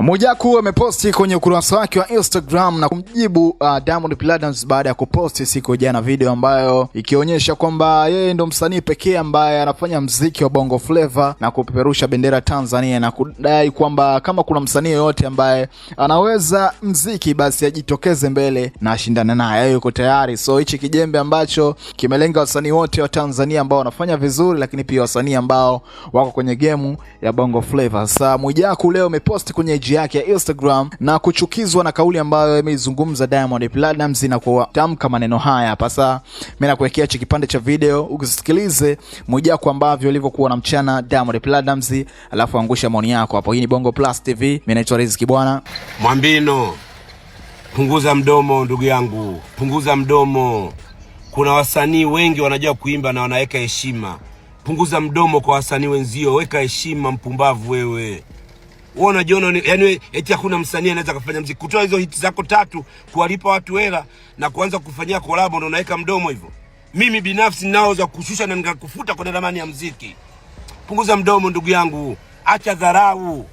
Mwijaku ameposti kwenye ukurasa wake wa Instagram na kumjibu uh, Diamond Platnumz baada ya kuposti siku jana video ambayo ikionyesha kwamba yeye ndo msanii pekee ambaye anafanya mziki wa Bongo Flava na kupeperusha bendera Tanzania na kudai kwamba kama kuna msanii yoyote ambaye anaweza mziki basi ajitokeze mbele na ashindane naye, yeye yuko tayari. So hichi kijembe ambacho kimelenga wasanii wote wa Tanzania ambao wanafanya vizuri, lakini pia wasanii ambao wako kwenye gemu ya Bongo Flava. Sasa Mwijaku leo ameposti kwenye page yake ya Instagram na kuchukizwa na kauli ambayo imeizungumza Diamond Platnumz na kutamka maneno haya hapa. Sasa mimi nakuwekea hichi kipande cha video ukisikilize Mwijaku ambavyo alivyokuwa na mchana Diamond Platnumz, alafu angusha maoni yako hapo. Hii ni Bongo Plus TV, mimi naitwa Riziki bwana. Mwambino, punguza mdomo ndugu yangu, punguza mdomo. Kuna wasanii wengi wanajua kuimba na wanaweka heshima. Punguza mdomo kwa wasanii wenzio, weka heshima, mpumbavu wewe wewe unajiona yani, eti hakuna msanii anaweza kufanya mziki, kutoa hizo hit zako tatu, kuwalipa watu hela na kuanza kufanyia collab, ndo unaweka mdomo hivyo. Mimi binafsi ninaweza kushusha na nikakufuta kwenye ramani ya mziki. Punguza mdomo ndugu yangu, acha dharau.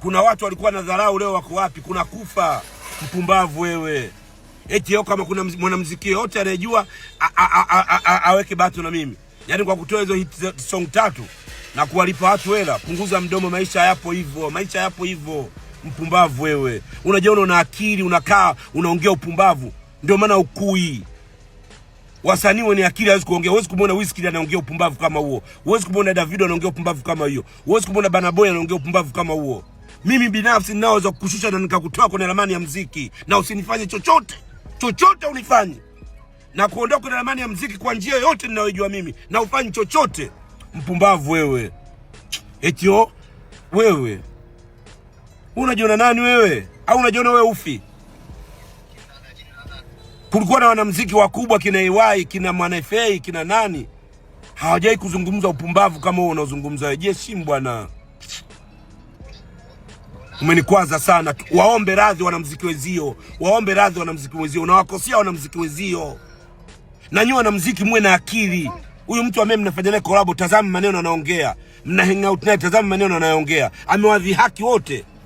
Kuna watu walikuwa na dharau, leo wako wapi? Kuna kufa mpumbavu wewe. Eti yao kama kuna mwanamuziki yote anayejua aweke bato na mimi, yaani kwa kutoa hizo hit song tatu na kuwalipa watu hela. Punguza mdomo, maisha yapo hivyo, maisha yapo hivyo. Mpumbavu wewe, unajiona una akili, unakaa unaongea upumbavu. Ndio maana ukui wasanii wenye akili hawezi kuongea. Huwezi kumwona Wizkid anaongea upumbavu kama huo, huwezi kumwona Davido anaongea upumbavu kama hiyo, huwezi kumwona Burna Boy anaongea upumbavu kama huo. Mimi binafsi ninaweza kukushusha na nikakutoa kwenye ramani ya mziki na usinifanye chochote chochote, unifanye na kuondoka kwenye ramani ya mziki kwa njia yoyote ninayojua mimi, na ufanye chochote mpumbavu wewe, etio wewe unajiona nani wewe? Au unajiona wewe ufi? Kulikuwa na wanamziki wakubwa kina Iwai kina Mwanefei kina nani, hawajai kuzungumza upumbavu kama huo unaozungumza wewe. Jeshimu bwana, umenikwaza sana. Waombe radhi wanamziki wezio, waombe radhi wanamziki wezio, unawakosea wanamziki wezio. Nanyi wanamziki muwe na akili huyu mtu ambaye mnafanya naye collab, tazama maneno anaongea, mna hang out naye, tazama maneno anayoongea, amewadhihaki wote.